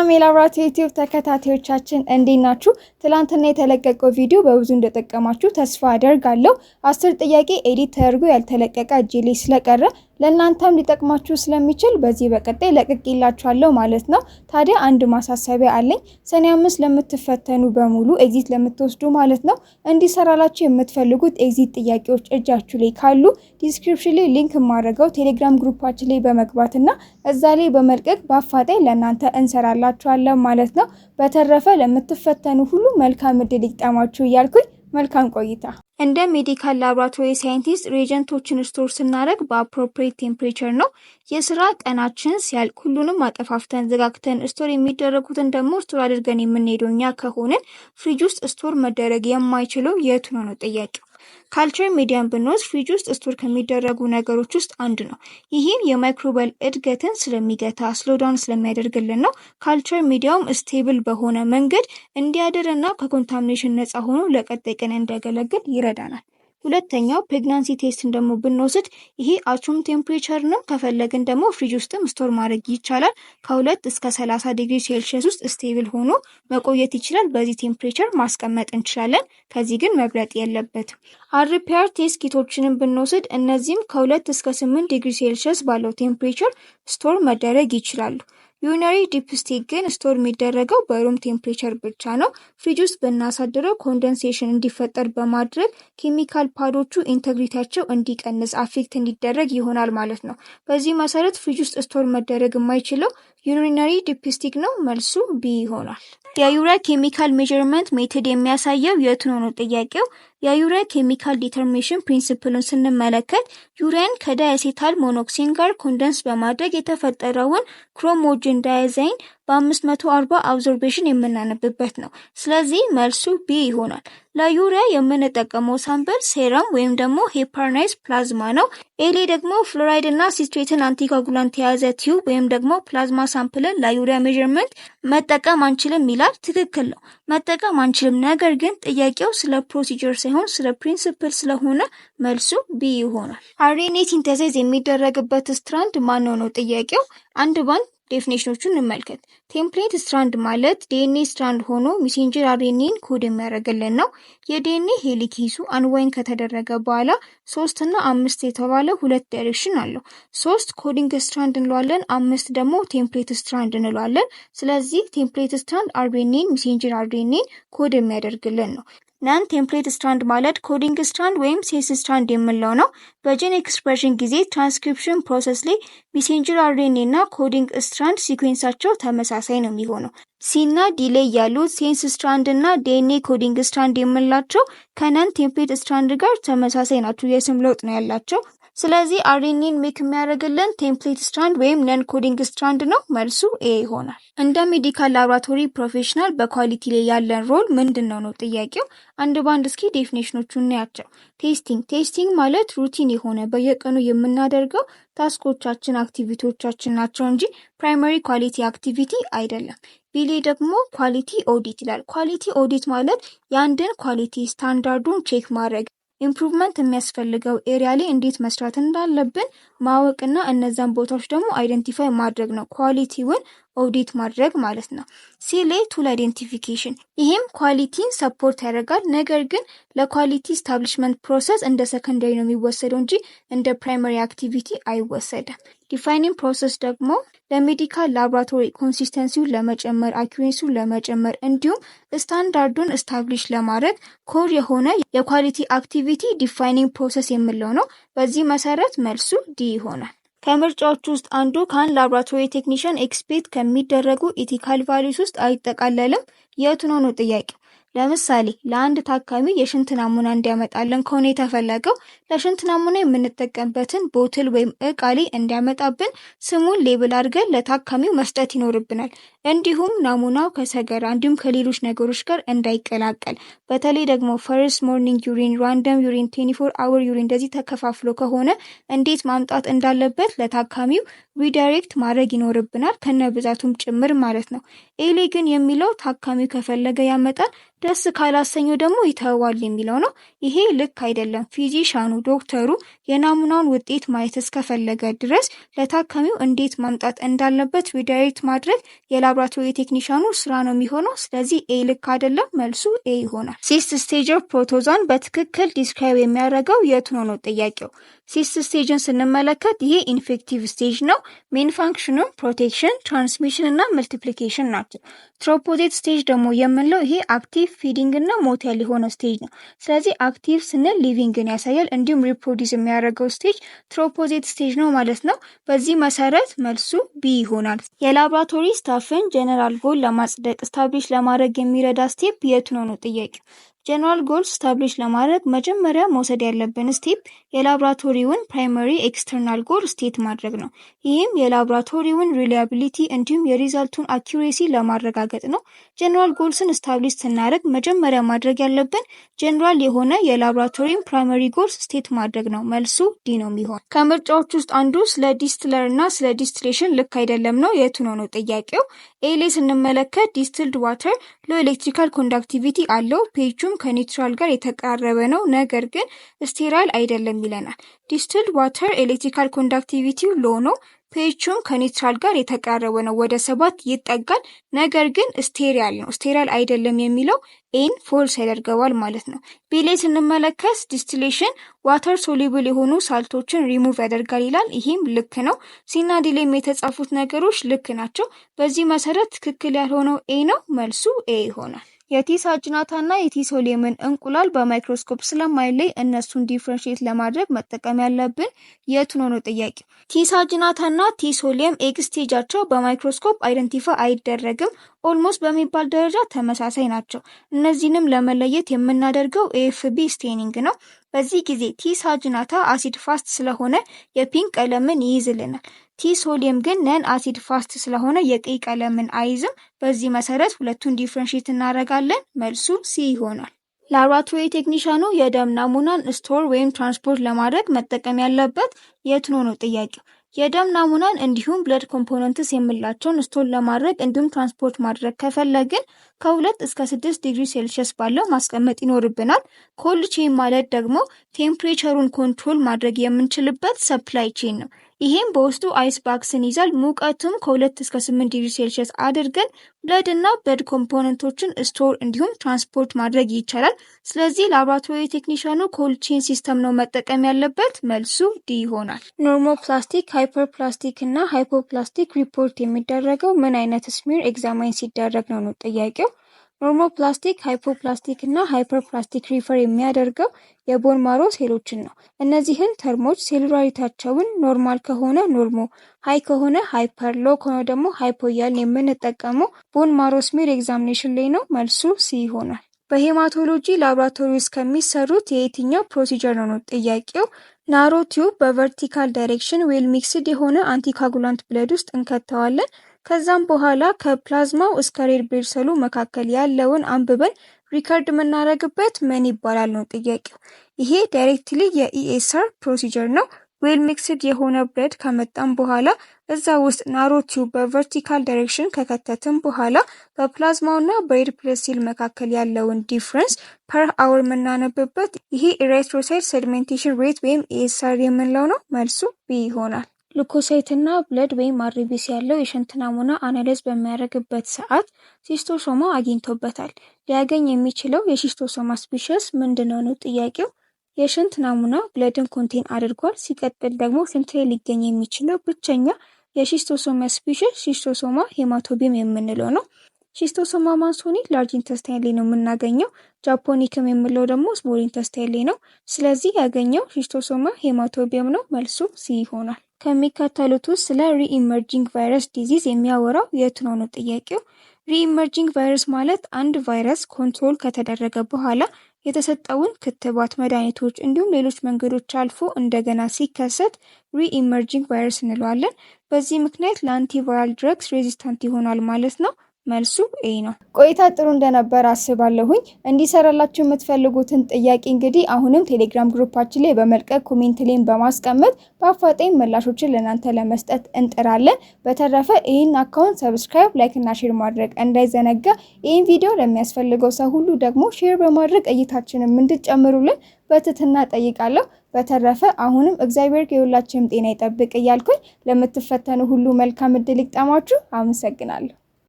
ሰላም የላብራት ዩቲዩብ ተከታታዮቻችን እንዴት ናችሁ? ትላንትና የተለቀቀው ቪዲዮ በብዙ እንደጠቀማችሁ ተስፋ አደርጋለሁ። አስር ጥያቄ ኤዲት ተደርጎ ያልተለቀቀ እጄ ላይ ስለቀረ ለእናንተም ሊጠቅማችሁ ስለሚችል በዚህ በቀጣይ ለቅቄላችኋለሁ ማለት ነው። ታዲያ አንድ ማሳሰቢያ አለኝ። ሰኔ አምስት ለምትፈተኑ በሙሉ ኤግዚት ለምትወስዱ ማለት ነው እንዲሰራላችሁ የምትፈልጉት ኤግዚት ጥያቄዎች እጃችሁ ላይ ካሉ ዲስክሪፕሽን ላይ ሊንክ ማድረገው ቴሌግራም ግሩፓችን ላይ በመግባት እና እዛ ላይ በመልቀቅ በአፋጣኝ ለእናንተ እንሰራላችኋለን ማለት ነው። በተረፈ ለምትፈተኑ ሁሉ መልካም እድል ይጠማችሁ እያልኩኝ መልካም ቆይታ። እንደ ሜዲካል ላብራቶሪ ሳይንቲስት ሬጀንቶችን ስቶር ስናደርግ በአፕሮፕሬት ቴምፕሬቸር ነው። የስራ ቀናችን ሲያልቅ ሁሉንም አጠፋፍተን ዘጋግተን ስቶር የሚደረጉትን ደግሞ ስቶር አድርገን የምንሄደው እኛ ከሆንን ፍሪጅ ውስጥ ስቶር መደረግ የማይችለው የቱ ነው ነው ጥያቄው። ካልቸር ሚዲያን ብንወስድ ፍሪጅ ውስጥ ስቶር ከሚደረጉ ነገሮች ውስጥ አንዱ ነው። ይህም የማይክሮባል እድገትን ስለሚገታ ስሎዳውን ስለሚያደርግልን ነው። ካልቸር ሚዲያውም ስቴብል በሆነ መንገድ እንዲያድር እና ከኮንታሚኔሽን ነፃ ሆኖ ለቀጣይ ቀን እንዲያገለግል ይረዳናል። ሁለተኛው ፕሬግናንሲ ቴስትን ደግሞ ብንወስድ ይሄ አቹም ቴምፕሬቸር ነው። ከፈለግን ደግሞ ፍሪጅ ውስጥም ስቶር ማድረግ ይቻላል። ከሁለት እስከ ሰላሳ ዲግሪ ሴልሺየስ ውስጥ ስቴብል ሆኖ መቆየት ይችላል። በዚህ ቴምፕሬቸር ማስቀመጥ እንችላለን። ከዚህ ግን መብለጥ የለበትም። አርፒአር ቴስት ኪቶችንም ብንወስድ እነዚህም ከሁለት እስከ ስምንት ዲግሪ ሴልሺየስ ባለው ቴምፕሬቸር ስቶር መደረግ ይችላሉ። ዩሪናሪ ዲፕስቲክ ግን ስቶር የሚደረገው በሩም ቴምፕሬቸር ብቻ ነው። ፍሪጅ ውስጥ ብናሳድረው ኮንደንሴሽን እንዲፈጠር በማድረግ ኬሚካል ፓዶቹ ኢንተግሪቲያቸው እንዲቀንስ አፌክት እንዲደረግ ይሆናል ማለት ነው። በዚህ መሰረት ፍሪጅ ውስጥ ስቶር መደረግ የማይችለው ዩሪናሪ ዲፕስቲክ ነው። መልሱ ቢ ይሆናል። የዩሪያ ኬሚካል ሜዥርመንት ሜትድ የሚያሳየው የቱን ነው ጥያቄው የዩሪያ ኬሚካል ዲተርሚኔሽን ፕሪንሲፕሉን ስንመለከት ዩሪያን ከዳያሴታል ሞኖክሲን ጋር ኮንደንስ በማድረግ የተፈጠረውን ክሮሞጅን ዳያዛይን በአምስት መቶ አርባ አብዞርቤሽን የምናነብበት ነው። ስለዚህ መልሱ ቢ ይሆናል። ለዩሪያ የምንጠቀመው ሳምፕል ሴረም ወይም ደግሞ ሄፓርናይዝ ፕላዝማ ነው። ኤሌ ደግሞ ፍሎራይድ እና ሲትሬትን አንቲኮጉላንት የያዘ ቲዩብ ወይም ደግሞ ፕላዝማ ሳምፕልን ለዩሪያ ሜዥርመንት መጠቀም አንችልም ይላል። ትክክል ነው፣ መጠቀም አንችልም። ነገር ግን ጥያቄው ስለ ፕሮሲጀር ሳይሆን ስለ ፕሪንስፕል ስለሆነ መልሱ ቢ ይሆናል። አሬኔ ሲንተሳይዝ የሚደረግበት ስትራንድ ማነው ነው ጥያቄው። አንድ ባንድ ዴፊኔሽኖቹን እንመልከት። ቴምፕሌት ስትራንድ ማለት ዲኤንኤ ስትራንድ ሆኖ ሚሴንጀር አርኤንኤን ኮድ የሚያደርግልን ነው። የዲኤንኤ ሄሊክ ሂሱ አንዋይን ከተደረገ በኋላ ሶስትና አምስት የተባለ ሁለት ዳይሬክሽን አለው። ሶስት ኮዲንግ ስትራንድ እንለዋለን፣ አምስት ደግሞ ቴምፕሌት ስትራንድ እንለዋለን። ስለዚህ ቴምፕሌት ስትራንድ አርኤንኤን ሚሴንጀር አርኤንኤን ኮድ የሚያደርግልን ነው። ነን ቴምፕሌት ስትራንድ ማለት ኮዲንግ ስትራንድ ወይም ሴስ ስትራንድ የምንለው ነው። በጂን ኤክስፕሬሽን ጊዜ ትራንስክሪፕሽን ፕሮሰስ ላይ ሜሴንጀር አርኤንኤ እና ኮዲንግ ስትራንድ ሲኩዌንሳቸው ተመሳሳይ ነው የሚሆነው። ሲና ዲሌይ ያሉት ሴንስ ስትራንድ እና ዲኤንኤ ኮዲንግ ስትራንድ የምንላቸው ከነን ቴምፕሌት ስትራንድ ጋር ተመሳሳይ ናቸው። የስም ለውጥ ነው ያላቸው። ስለዚህ አሬኒን ሜክ የሚያደርግልን ቴምፕሌት ስትራንድ ወይም ነን ኮዲንግ ስትራንድ ነው። መልሱ ኤ ይሆናል። እንደ ሜዲካል ላብራቶሪ ፕሮፌሽናል በኳሊቲ ላይ ያለን ሮል ምንድን ነው ነው ጥያቄው። አንድ ባንድ እስኪ ዴፊኔሽኖቹ እናያቸው። ቴስቲንግ ቴስቲንግ ማለት ሩቲን የሆነ በየቀኑ የምናደርገው ታስኮቻችን አክቲቪቲዎቻችን ናቸው እንጂ ፕራይመሪ ኳሊቲ አክቲቪቲ አይደለም። ቢሌ ደግሞ ኳሊቲ ኦዲት ይላል። ኳሊቲ ኦዲት ማለት የአንድን ኳሊቲ ስታንዳርዱን ቼክ ማድረግ ኢምፕሩቭመንት የሚያስፈልገው ኤሪያ ላይ እንዴት መስራት እንዳለብን ማወቅና እነዛን ቦታዎች ደግሞ አይደንቲፋይ ማድረግ ነው። ኳሊቲውን ኦዲት ማድረግ ማለት ነው። ሲሌ ቱል አይዴንቲፊኬሽን ይህም ኳሊቲን ሰፖርት ያደርጋል። ነገር ግን ለኳሊቲ ስታብሊሽመንት ፕሮሰስ እንደ ሰከንዳሪ ነው የሚወሰደው እንጂ እንደ ፕራይመሪ አክቲቪቲ አይወሰድም። ዲፋይኒንግ ፕሮሰስ ደግሞ ለሜዲካል ላብራቶሪ ኮንሲስተንሲውን ለመጨመር አኪሬንሲውን ለመጨመር እንዲሁም ስታንዳርዱን ስታብሊሽ ለማድረግ ኮር የሆነ የኳሊቲ አክቲቪቲ ዲፋይኒንግ ፕሮሰስ የምለው ነው። በዚህ መሰረት መልሱ ዲ ይሆናል። ከምርጫዎች ውስጥ አንዱ ካን ላብራቶሪ ቴክኒሽያን ኤክስፐርት ከሚደረጉ ኢቲካል ቫሊዩስ ውስጥ አይጠቃለልም። የቱን ነው ጥያቄው። ለምሳሌ ለአንድ ታካሚ የሽንት ናሙና እንዲያመጣልን ከሆነ የተፈለገው ለሽንት ናሙና የምንጠቀምበትን ቦትል ወይም እቃ ላይ እንዲያመጣብን ስሙን ሌብል አድርገን ለታካሚው መስጠት ይኖርብናል። እንዲሁም ናሙናው ከሰገራ እንዲሁም ከሌሎች ነገሮች ጋር እንዳይቀላቀል በተለይ ደግሞ ፈርስት ሞርኒንግ ዩሪን፣ ራንደም ዩሪን፣ ቴኒፎር አወር ዩሪን እንደዚህ ተከፋፍሎ ከሆነ እንዴት ማምጣት እንዳለበት ለታካሚው ሪዳይሬክት ማድረግ ይኖርብናል ከነ ብዛቱም ጭምር ማለት ነው። ኤሌ ግን የሚለው ታካሚው ከፈለገ ያመጣል፣ ደስ ካላሰኘው ደግሞ ይተዋል የሚለው ነው። ይሄ ልክ አይደለም። ፊዚሻኑ ዶክተሩ የናሙናውን ውጤት ማየት እስከፈለገ ድረስ ለታካሚው እንዴት ማምጣት እንዳለበት ሪዳይሬክት ማድረግ የላ የላብራቶሪ ቴክኒሽያኑ ስራ ነው የሚሆነው። ስለዚህ ኤ ልክ አይደለም፣ መልሱ ኤ ይሆናል። ሲስት ስቴጅ ኦፍ ፕሮቶዛን በትክክል ዲስክራይብ የሚያደርገው የት ሆኖ ነው ጥያቄው። ሲስት ስቴጅን ስንመለከት ይሄ ኢንፌክቲቭ ስቴጅ ነው። ሜን ፋንክሽኑ ፕሮቴክሽን፣ ትራንስሚሽን እና መልቲፕሊኬሽን ናቸው። ትሮፖዜት ስቴጅ ደግሞ የምንለው ይሄ አክቲቭ ፊዲንግ እና ሞቴል የሆነ ስቴጅ ነው። ስለዚህ አክቲቭ ስንል ሊቪንግን ያሳያል፣ እንዲሁም ሪፕሮዲስ የሚያደርገው ስቴጅ ትሮፖዜት ስቴጅ ነው ማለት ነው። በዚህ መሰረት መልሱ ቢ ይሆናል። የላብራቶሪ ስታፍን ጄኔራል ጎል ለማጽደቅ ስታብሊሽ ለማድረግ የሚረዳ ስቴፕ የት ነው ነው ጥያቄው። ጀነራል ጎል ስታብሊሽ ለማድረግ መጀመሪያ መውሰድ ያለብን ስቴፕ የላብራቶሪውን ፕራይመሪ ኤክስተርናል ጎል ስቴት ማድረግ ነው። ይህም የላብራቶሪውን ሪሊያቢሊቲ እንዲሁም የሪዛልቱን አኪሬሲ ለማረጋገጥ ነው። ጀነራል ጎልስን ስታብሊሽ ስናደርግ መጀመሪያ ማድረግ ያለብን ጀነራል የሆነ የላብራቶሪን ፕራይመሪ ጎልስ ስቴት ማድረግ ነው። መልሱ ዲ ነው የሚሆን። ከምርጫዎች ውስጥ አንዱ ስለ ዲስትለር እና ስለ ዲስትሌሽን ልክ አይደለም ነው የቱ ነው ነው ጥያቄው። ኤሌ ስንመለከት ዲስትልድ ዋተር ሎ ኤሌክትሪካል ኮንዳክቲቪቲ አለው ፔጁም ከኒውትራል ጋር የተቃረበ ነው፣ ነገር ግን ስቴራይል አይደለም ይለናል። ዲስትል ዋተር ኤሌክትሪካል ኮንዳክቲቪቲው ሎ ነው። ፒኤቹም ከኒውትራል ጋር የተቃረበ ነው፣ ወደ ሰባት ይጠጋል። ነገር ግን ስቴሪያል ነው፣ ስቴሪያል አይደለም የሚለው ኤን ፎልስ ያደርገዋል ማለት ነው። ቢሌ ስንመለከት ዲስቲሌሽን ዋተር ሶሊብል የሆኑ ሳልቶችን ሪሙቭ ያደርጋል ይላል። ይህም ልክ ነው። ሲና ዲሌም የተጻፉት ነገሮች ልክ ናቸው። በዚህ መሰረት ትክክል ያልሆነው ኤ ነው፣ መልሱ ኤ ይሆናል። የቲስ አጅናታ እና የቲስ እንቁላል በማይክሮስኮፕ ስለማይለይ እነሱን ዲፍረንሽት ለማድረግ መጠቀም ያለብን የት ሆኖ ጥያቄ። ቲስ አጅናታ እና ቲስ ኤክስቴጃቸው በማይክሮስኮፕ አይደንቲፋ አይደረግም። ኦልሞስት በሚባል ደረጃ ተመሳሳይ ናቸው። እነዚህንም ለመለየት የምናደርገው ኤኤፍቢ ስቴኒንግ ነው። በዚህ ጊዜ ቲ ሳጅናታ አሲድ ፋስት ስለሆነ የፒንክ ቀለምን ይይዝልናል። ቲ ሶዲየም ግን ነን አሲድ ፋስት ስለሆነ የቀይ ቀለምን አይዝም። በዚህ መሰረት ሁለቱን ዲፍረንሽት እናደርጋለን። መልሱ ሲ ይሆናል። ላብራቶሪ ቴክኒሻኑ የደም ናሙናን ስቶር ወይም ትራንስፖርት ለማድረግ መጠቀም ያለበት የትኖ ነው ጥያቄው። የደም ናሙናን እንዲሁም ብለድ ኮምፖነንትስ የምላቸውን ስቶን ለማድረግ እንዲሁም ትራንስፖርት ማድረግ ከፈለግን ከሁለት እስከ ስድስት ዲግሪ ሴልሽስ ባለው ማስቀመጥ ይኖርብናል። ኮልድ ቼን ማለት ደግሞ ቴምፕሬቸሩን ኮንትሮል ማድረግ የምንችልበት ሰፕላይ ቼን ነው። ይሄም በውስጡ አይስ ባክስን ይዛል። ሙቀቱም ከሁለት እስከ ስምንት ዲግሪ ሴልሽስ አድርገን ብለድ እና በድ ኮምፖነንቶችን ስቶር እንዲሁም ትራንስፖርት ማድረግ ይቻላል። ስለዚህ ላብራቶሪ ቴክኒሽያኑ ኮልቼን ሲስተም ነው መጠቀም ያለበት። መልሱ ዲ ይሆናል። ሃይፐር ፕላስቲክ እና ሃይፖፕላስቲክ ሪፖርት የሚደረገው ምን አይነት ስሚር ኤግዛማይን ሲደረግ ነው ነው ጥያቄው። ኖርሞፕላስቲክ ሃይፖፕላስቲክ እና ሃይፐርፕላስቲክ ሪፈር የሚያደርገው የቦን ማሮ ሴሎችን ነው። እነዚህን ተርሞች ሴሉላሪታቸውን ኖርማል ከሆነ ኖርሞ፣ ሃይ ከሆነ ሃይፐር፣ ሎ ከሆነ ደግሞ ሃይፖ እያልን የምንጠቀመው ቦን ማሮ ስሜር ኤግዛሚኔሽን ላይ ነው። መልሱ ሲ ይሆናል። በሄማቶሎጂ ላብራቶሪ ውስጥ ከሚሰሩት የየትኛው ፕሮሲጀር ነው? ጥያቄው ናሮ ቲዩብ በቨርቲካል ዳይሬክሽን ዌል ሚክስድ የሆነ አንቲካጉላንት ብለድ ውስጥ እንከተዋለን። ከዛም በኋላ ከፕላዝማው እስከ ሬድ ብሌድ መካከል ያለውን አንብበን ሪከርድ የምናደርግበት ምን ይባላል ነው ጥያቄው። ይሄ ዳይሬክትሊ የኢኤስአር ፕሮሲጀር ነው። ዌል ሚክስድ የሆነ ብለድ ከመጣም በኋላ እዛ ውስጥ ናሮ ቲዩብ በቨርቲካል ዳይሬክሽን ከከተትም በኋላ በፕላዝማውና በሬድ ፕሌት ሴል መካከል ያለውን ዲፍረንስ ፐር አወር የምናነብበት ይሄ ኢሬትሮሳይት ሴዲሜንቴሽን ሬት ወይም ኢኤስአር የምንለው ነው። መልሱ ቢ ይሆናል። ሉኮሳይትና ብለድ ወይም አርቢሲ ያለው የሽንት ናሙና አናላይዝ በሚያደርግበት ሰዓት ሺስቶሶማ አግኝቶበታል። ሊያገኝ የሚችለው የሺስቶሶማ ስፒሽስ ምንድነው ነው ጥያቄው። የሽንት ናሙና ብለድን ኮንቴን አድርጓል። ሲቀጥል ደግሞ ሽንት ላይ ሊገኝ የሚችለው ብቸኛ የሺስቶሶማ ስፒሽስ ሺስቶሶማ ሄማቶቢም የምንለው ነው። ሺስቶሶማ ማንሶኒ ላርጅ ኢንተስታይን ላይ ነው የምናገኘው። ጃፖኒክም የምለው ደግሞ ስሞል ኢንተስታይን ላይ ነው። ስለዚህ ያገኘው ሺስቶሶማ ሄማቶቢየም ነው። መልሱ ሲ ይሆናል። ከሚከተሉት ውስጥ ስለ ሪኢመርጂንግ ቫይረስ ዲዚዝ የሚያወራው የቱ ነው ነው ጥያቄው። ሪኢመርጂንግ ቫይረስ ማለት አንድ ቫይረስ ኮንትሮል ከተደረገ በኋላ የተሰጠውን ክትባት፣ መድኃኒቶች እንዲሁም ሌሎች መንገዶች አልፎ እንደገና ሲከሰት ሪኢመርጂንግ ቫይረስ እንለዋለን። በዚህ ምክንያት ለአንቲቫይራል ድረግስ ሬዚስታንት ይሆናል ማለት ነው። መልሱ ኤ ነው። ቆይታ ጥሩ እንደነበረ አስባለሁኝ። እንዲሰራላችሁ የምትፈልጉትን ጥያቄ እንግዲህ አሁንም ቴሌግራም ግሩፓችን ላይ በመልቀቅ ኮሜንት ላይም በማስቀመጥ በአፋጣኝ ምላሾችን ለእናንተ ለመስጠት እንጥራለን። በተረፈ ይህን አካውንት ሰብስክራይብ፣ ላይክ እና ሼር ማድረግ እንዳይዘነጋ። ይህን ቪዲዮ ለሚያስፈልገው ሰው ሁሉ ደግሞ ሼር በማድረግ እይታችንም እንድጨምሩልን በትትና ጠይቃለሁ። በተረፈ አሁንም እግዚአብሔር ከሁላችንም ጤና ይጠብቅ እያልኩኝ ለምትፈተኑ ሁሉ መልካም እድል ይግጠማችሁ። አመሰግናለሁ።